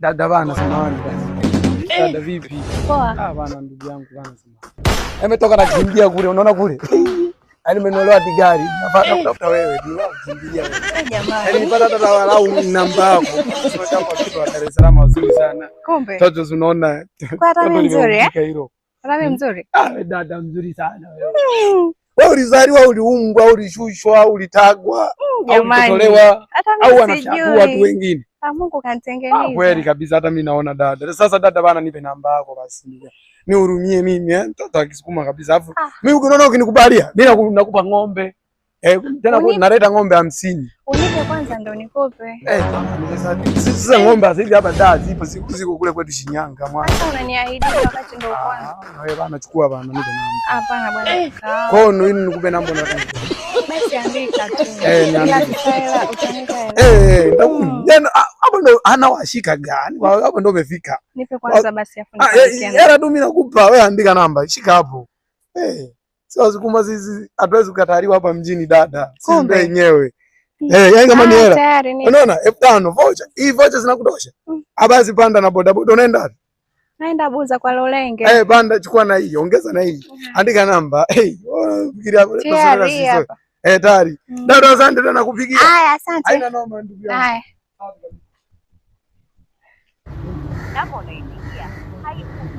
Dada bana, samahani basi. Eh. Dada vipi? Poa. Ah bana, ndugu yangu bana, samahani. Ametoka yaani na kimbia kule, unaona kule. Yaani nimenolewa digari, napata eh. kutafuta wewe, eh, Yaani nipata hata walau namba yako. Dar es Salaam wazuri sana. Kumbe. Toto tunaona. Kwa rabi nzuri eh? Rabi mzuri. Ah dada mzuri sana wewe. Wewe ulizaliwa, uliumbwa, ulishushwa, ulitagwa, ulitolewa mm, au wanachagua watu wengine? Ah, Mungu ah, kanitengeneza. Kweli kabisa, hata mimi naona dada. Sasa dada bana, nipe namba yako basi. Nihurumie mimi, eh, mtoto akisukuma kabisa. Alafu ah. mimi ukiona ukinikubalia, mimi nakupa ng'ombe Eh, mm. tena nareta ng'ombe hamsini. kwanza Eh, sasa ng'ombe hizi hapa da zipo siku ziko kule kwetu Shinyanga mwana. Ah, wewe bana chukua bana eh. namba na tu. Eh, Eh, eh mm. yaani, ah, hapo ndo anawashika gani? Hapo ndo umefika. Nipe kwanza basi afu. Ah, eh, tu mimi nakupa, wewe andika namba, shika hapo. Eh. Sio Wasukuma sisi hatuwezi kukataliwa hapa mjini dada. Simbe wenyewe Eh, yani kama ni hela. Unaona? elfu tano voucher. Hii voucher zinakutosha. Mm. Haba panda na boda boda unaenda wapi? Naenda Buza kwa Lolenge. Eh, panda chukua na hii, ongeza na hii. Mm. Andika namba. Eh, fikiria hapo leo sasa sisi. Eh, tayari. Mm. Dada, asante tena nakupigia. Haya, asante. Haina noma ndugu yangu. Haya. Napo naipigia. Haipo.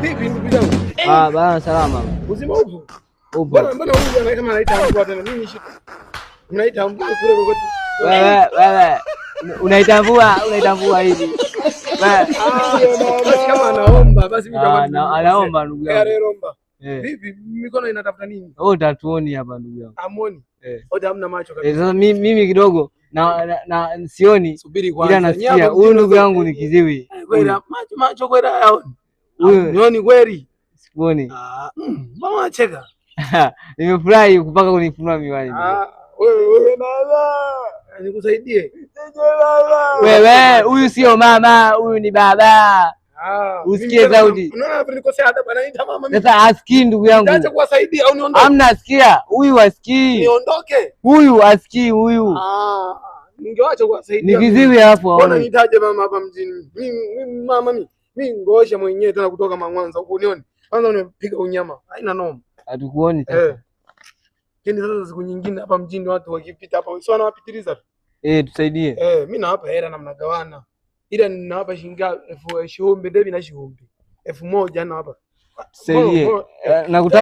Vipi ndugu zangu? Ah, bana salama. Uzima upo? Upo. Bana mbona huyu anaita kama anaita tena mimi kule kokote. Wewe wewe hivi. Basi kama anaomba basi mimi ah, anaomba ndugu eh, yangu. Eh. Vipi mikono inatafuta nini? Wewe utatuoni hapa ndugu yangu. Eh. hamna macho kabisa. Eh, sasa mimi kidogo na, na, na sioni, ila nasikia huyu ndugu yangu ni kiziwi. macho macho Nyoni kweli? Sikuoni. Ah, mm, mbona unacheka? Nimefurahi kupaka kunifunua miwani. Ah, wewe wewe baba. Nikusaidie. Wewe, huyu sio mama, huyu ni baba. Ah, Usikie Zaudi. Sasa asikii ndugu yangu. Amna asikia. Huyu asikii. Niondoke. Huyu asikii huyu. Ah, ningewacha kuwasaidia. Ni viziwi hapo. Mbona nitaje mama hapa mjini? Mimi mama mimi mi ngoosha mwenyewe tena kutoka Mangwanza huko unioni, Kwanza unipiga unyama. Haina noma. Hatukuoni eh. sasa. Eh. Kini sasa siku nyingine hapa mjini watu wakipita hapa sio wanawapitiliza tu. Eh, tusaidie. Eh, mimi nawapa hela na mnagawana. Ila ninawapa shilingi elfu ishirini, bebi na shilingi elfu moja nawapa. Tusaidie. Eh. Eh, nakutaka